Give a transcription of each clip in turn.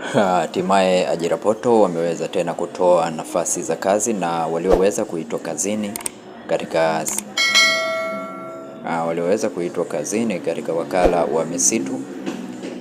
Hatimaye Ajira Portal wameweza tena kutoa nafasi za kazi na walioweza kuitwa kazini katika walioweza kuitwa kazini katika wakala wa misitu,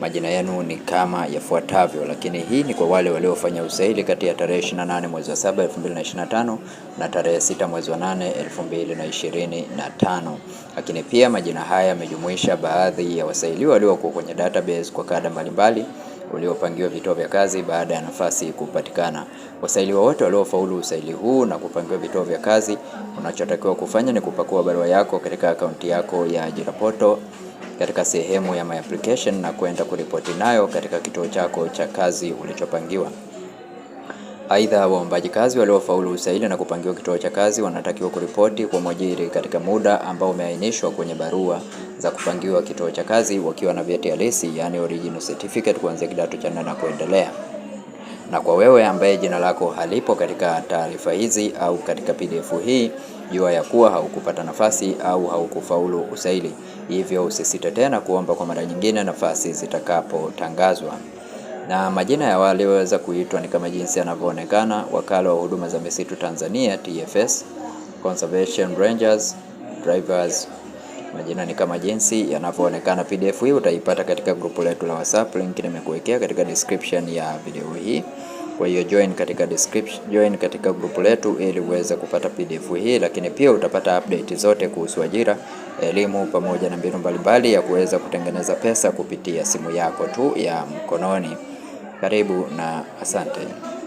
majina yenu ni kama yafuatavyo. Lakini hii ni kwa wale waliofanya usaili kati ya tarehe 28 mwezi wa 7 2025 na tarehe 6 mwezi wa 8 2025. Lakini pia majina haya yamejumuisha baadhi ya wasailiwa waliokuwa kwenye database kwa kada mbalimbali mbali uliopangiwa vituo vya kazi baada ya nafasi kupatikana. Wasailiwa wote waliofaulu usaili huu na kupangiwa vituo vya kazi, unachotakiwa kufanya ni kupakua barua yako katika akaunti yako ya Ajira Portal katika sehemu ya my application na kwenda kuripoti nayo katika kituo chako cha kazi ulichopangiwa. Aidha, waombaji kazi waliofaulu usaili na kupangiwa kituo cha kazi wanatakiwa kuripoti kwa mwajiri katika muda ambao umeainishwa kwenye barua za kupangiwa kituo cha kazi wakiwa na vyeti halisi, yani original certificate kuanzia kidato cha nne na kuendelea. Na kwa wewe ambaye jina lako halipo katika taarifa hizi au katika PDF hii, jua ya kuwa haukupata nafasi au haukufaulu usaili, hivyo usisite tena kuomba kwa mara nyingine nafasi zitakapotangazwa. Na majina ya walioweza kuitwa ni kama jinsi yanavyoonekana: wakala wa huduma za misitu Tanzania TFS, conservation rangers, drivers Majina ni kama jinsi yanavyoonekana. PDF hii utaipata katika grupu letu la WhatsApp, link nimekuwekea katika description ya video hii. Kwa hiyo join katika description, join katika grupu letu ili uweze kupata PDF hii, lakini pia utapata update zote kuhusu ajira, elimu pamoja na mbinu mbalimbali ya kuweza kutengeneza pesa kupitia simu yako tu ya mkononi. Karibu na asante.